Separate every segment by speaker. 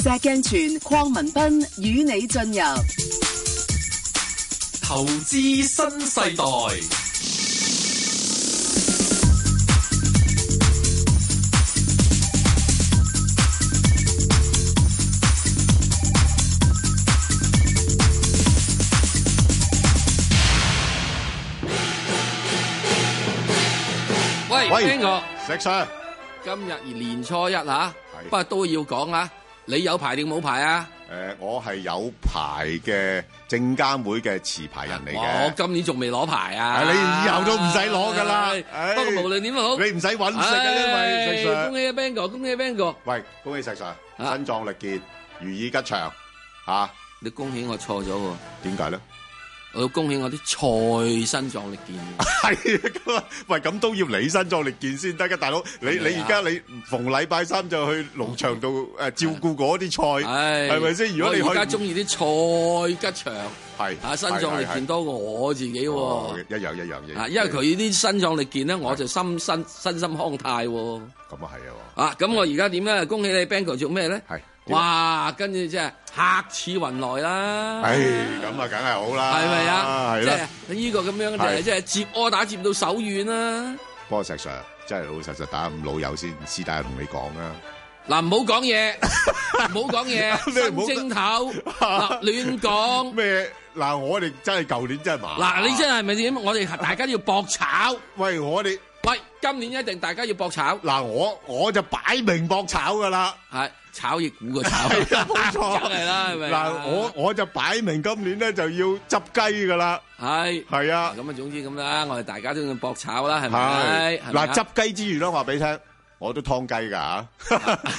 Speaker 1: 石鏡泉、鄺文斌與你進入
Speaker 2: 投資新世代。喂，我喂我？
Speaker 1: 石 s 今日年初一啊，是不過都要講啊？你有牌定冇牌啊、呃？我係有牌嘅證監會嘅持牌人嚟嘅。我今年仲未攞牌啊，啊！你以後都唔使攞㗎啦。哎哎、不過無論點好，你唔使揾食嘅 Sir，因為恭喜 Bang 哥，恭喜 Bang 哥。喂，恭喜石 Sir 身壯力健，啊、如意吉祥嚇。啊、你恭喜我錯咗喎？點解咧？我要恭喜我啲菜身壯力健，係咁啊！喂，咁都要你身壯力健先得噶，大佬，你你而家你逢禮拜三就去農場度，誒照顧嗰啲菜，係咪先？我而家中
Speaker 2: 意啲菜吉祥，係啊！身壯力健多過我自己喎，一樣一樣嘢。啊，因為佢啲身壯力健咧，我就心心身心康泰。咁啊係啊，啊咁我而家點咧？恭喜你，Bang 哥做咩咧？係。哇！跟住即係客似雲來啦，唉，咁啊，梗係好啦，係咪啊？即係呢個咁樣嘅，即係接柯打接到手軟啦。
Speaker 1: 不過石 Sir 真係老實實打咁老友先，師弟同你講啦。嗱，唔好講嘢，唔好講嘢，你唔好正頭，嗱，亂講咩？嗱，我哋真係舊年真係麻煩，
Speaker 2: 嗱，你真係咪點？我哋大家都要搏炒。喂，我哋。今年一定大家要搏炒，嗱、啊、我我就擺明搏炒噶啦，係、啊、炒亦股
Speaker 1: 嘅炒，冇錯啦，係咪？ 嗱、啊啊、我我就擺明今年咧就要執雞噶啦，
Speaker 2: 係係是啊，咁啊總之咁啦，我哋大家都要搏炒啦，係咪、啊？嗱執
Speaker 1: 雞之餘啦，話俾你聽。我都劏雞㗎嚇、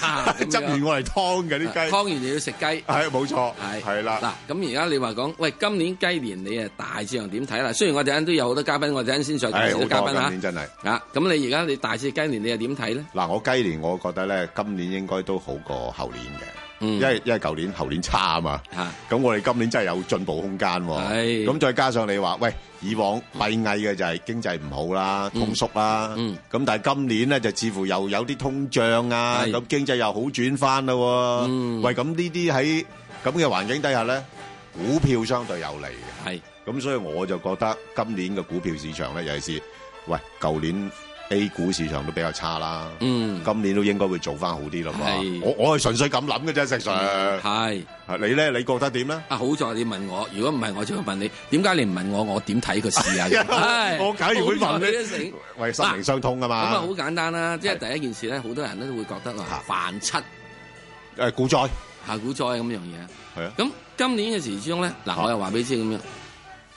Speaker 1: 啊，執 完我係劏
Speaker 2: 嘅啲雞，劏完就要食雞，係冇 錯，係係啦。嗱，咁而家你話講，喂，今年雞年你誒大致上點睇啦？雖然我陣間都有好多嘉賓，我陣間先上好嘅嘉賓嚇，今年真係嚇。咁、啊、你而家你大致雞年你又點睇咧？
Speaker 1: 嗱，我雞年我覺得咧，今年應該都好過後年嘅。因為因為舊年、後年差啊嘛，咁我哋今年真係有進步空間，咁再加上你話，喂，以往閉翳嘅就係經濟唔好啦、通縮啦，咁但係今年咧就似乎又有啲通脹啊，咁經濟又好轉翻咯，喂，咁呢啲喺咁嘅環境底下咧，股票相對又嚟嘅，咁所以我就覺得今年嘅股票市場咧，尤其是喂，舊年。A 股市場都比較差啦，嗯，今年都應該會做翻好啲啦嘛。我我係純粹咁諗嘅啫，石 s i 係，你咧你覺得點咧？啊好在你問我，如果唔係我只會問你，
Speaker 2: 點解你唔問我？我點睇個事啊？我梗係會問你啦，為心靈相通啊嘛。咁啊好簡單啦，即係第一件事咧，好多人都會覺得啊，泛七誒股災吓股災咁樣嘢。係啊。咁今年嘅時之中咧，嗱，我又話俾你知咁樣。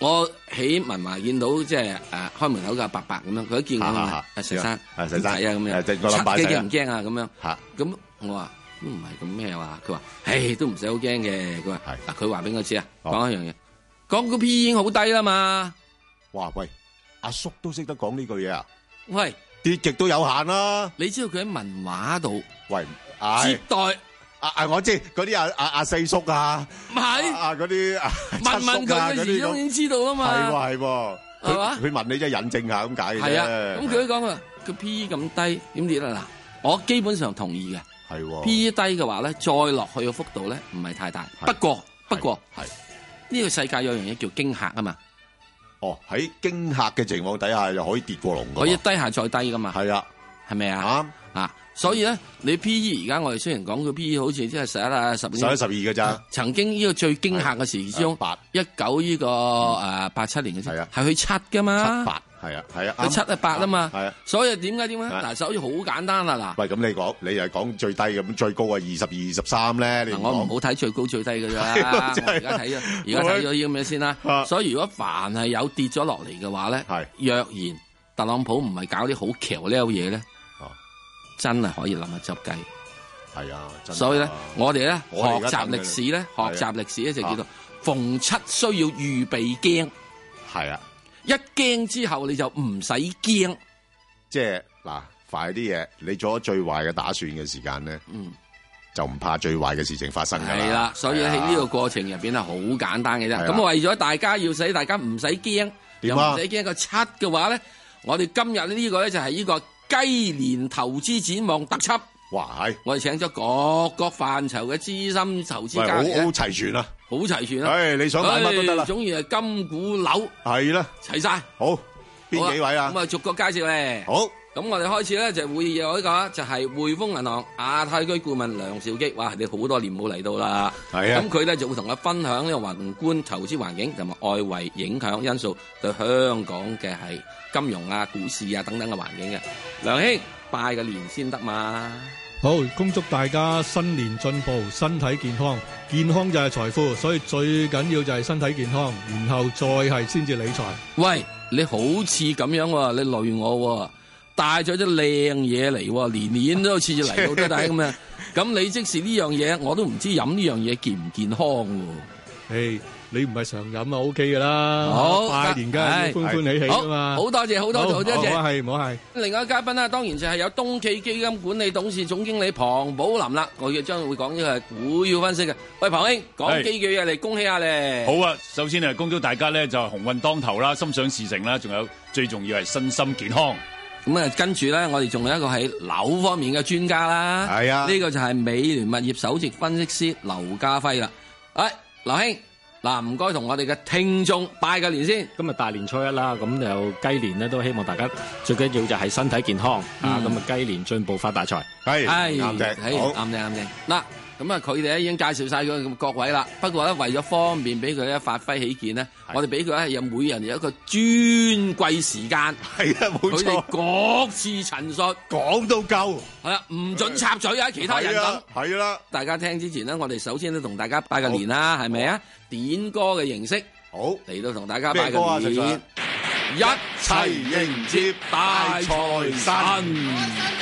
Speaker 2: 我喺文華見到即係誒開門口嘅伯伯咁樣，佢見我啊石生，石生啊咁樣，七幾驚唔驚啊咁樣，咁我話都唔係咁咩話，佢話，誒都唔使好驚嘅，佢話，嗱佢話俾我知啊，講一樣嘢，講個 PE 已經好低啦嘛，
Speaker 1: 哇喂，阿叔都識得講呢句嘢啊，喂，跌極都有限啦，你知道佢喺文華度，喂接待。啊！我知嗰啲阿阿阿四叔啊，唔係啊嗰啲問問佢嘅餘都已經
Speaker 2: 知道啦嘛，係喎
Speaker 1: 係喎，佢問你即係引證下咁解啫。係啊，咁佢都
Speaker 2: 講啊，個 P 咁低點跌啦嗱，我基本上同
Speaker 1: 意嘅。係 P 低嘅話咧，再
Speaker 2: 落去嘅幅度咧唔係太大，不過不過，係呢個世界有樣嘢叫驚嚇啊嘛。哦，喺驚嚇嘅情況底下又可以跌過龍。我一低下再低噶嘛。係啊。係咪啊？啊，所以咧，你 P E 而家我哋雖然講佢 P E 好似即係十一十十一十二嘅咋？曾經呢個最驚嚇嘅時期之中，八一九呢個
Speaker 1: 誒八七年嘅時，係啊，係去七嘅嘛？七八係啊係啊，去七啊八啊嘛，係啊，所以點解點解？嗱，所以好簡單啦，嗱，喂，咁你講，你又係講最低咁，最高啊二十二、二十三咧？我唔好睇最高最低嘅啫，我而家睇咗，而家睇咗
Speaker 2: 呢咁樣先啦。所以如果凡係有跌咗落嚟嘅話咧，係若然特朗普唔係搞啲好橋呢嘢咧？真係可以諗下執計，
Speaker 1: 係啊！所以咧，我哋咧學習歷史咧，學習歷史咧就叫做
Speaker 2: 逢七需要預備驚，
Speaker 1: 係啊，一驚之後你就唔使驚，即係嗱，快啲嘢，你做咗最壞嘅打算嘅時間咧，嗯，就唔怕最壞嘅事情發生嘅，係啦，所以喺呢個過程入邊咧，好簡單嘅啫。咁、啊、
Speaker 2: 為咗大家要使大家唔使驚，啊、又唔使驚個七嘅話咧，我哋今日呢呢個咧就係呢個。雞年投資展望特輯，哇係，我哋請咗各個範疇嘅資深投資家，唔好好齊
Speaker 1: 全啊，好齊全啊，誒、哎、你想買乜都得啦，
Speaker 2: 總之係金股樓，
Speaker 1: 係啦，齊晒，的全好邊幾位
Speaker 2: 啊，咁啊逐個介紹咧，好。咁我哋開始咧就會有一個就係匯豐銀行亞太區顧問梁兆基，哇！你好多年冇嚟到啦，係啊。咁佢咧就會同我分享呢個宏觀投資環境同埋外圍影響因素對香港嘅係金融啊、股市啊等等嘅環境嘅。梁兄，拜個年先得嘛？
Speaker 1: 好，恭祝大家新年進步，身體健康，健康就係財富，所以最緊要就係身體健康，然後再係先至理財。
Speaker 2: 喂，你好似咁樣啊？你累我。帶咗啲靚嘢嚟，年年都好似嚟到爹哋咁啊！咁你即時呢樣嘢，我都唔知飲呢樣嘢健唔健康喎。誒，你唔係常飲就 O K 噶啦，好拜年嘅，歡歡喜喜啊嘛！好多謝好多謝好多謝。唔好係，唔好係。另外一嘉賓啦，當然就係有東企基金管理董事總經理龐寶林啦，我將會講呢個係股要分析嘅。喂，龐兄，講幾句嘢嚟恭喜下咧。好啊，首先啊，恭祝大家咧就係鴻運當頭啦，心想事成啦，仲有最重要係身心健康。咁啊，跟住咧，我哋仲有一個喺樓方面嘅專家啦。係啊，呢個就係美聯物業首席分析師劉家輝啦。誒，劉兄，嗱，唔該同我哋嘅聽眾拜個年先。咁啊，大年初一啦，咁有雞年咧，都希望大家最緊要就係身體健康、嗯、啊。咁啊，雞年進步發大財。係，啱嘅，好，啱嘅，啱嘅，嗱。咁啊，佢哋咧已經介紹曬咁各位啦。不過咧，為咗方便俾佢咧發揮起見咧，的我哋俾佢咧有每人有一個尊貴時間。係啊，冇錯。佢哋各自陳述，講到夠係啦，唔准插嘴啊！其他人等係啦。大家聽之前呢，我哋首先都同大家拜個年啦，係咪啊？點吧歌嘅形式好嚟到同大
Speaker 1: 家拜個年，啊，面一齊迎接大財神。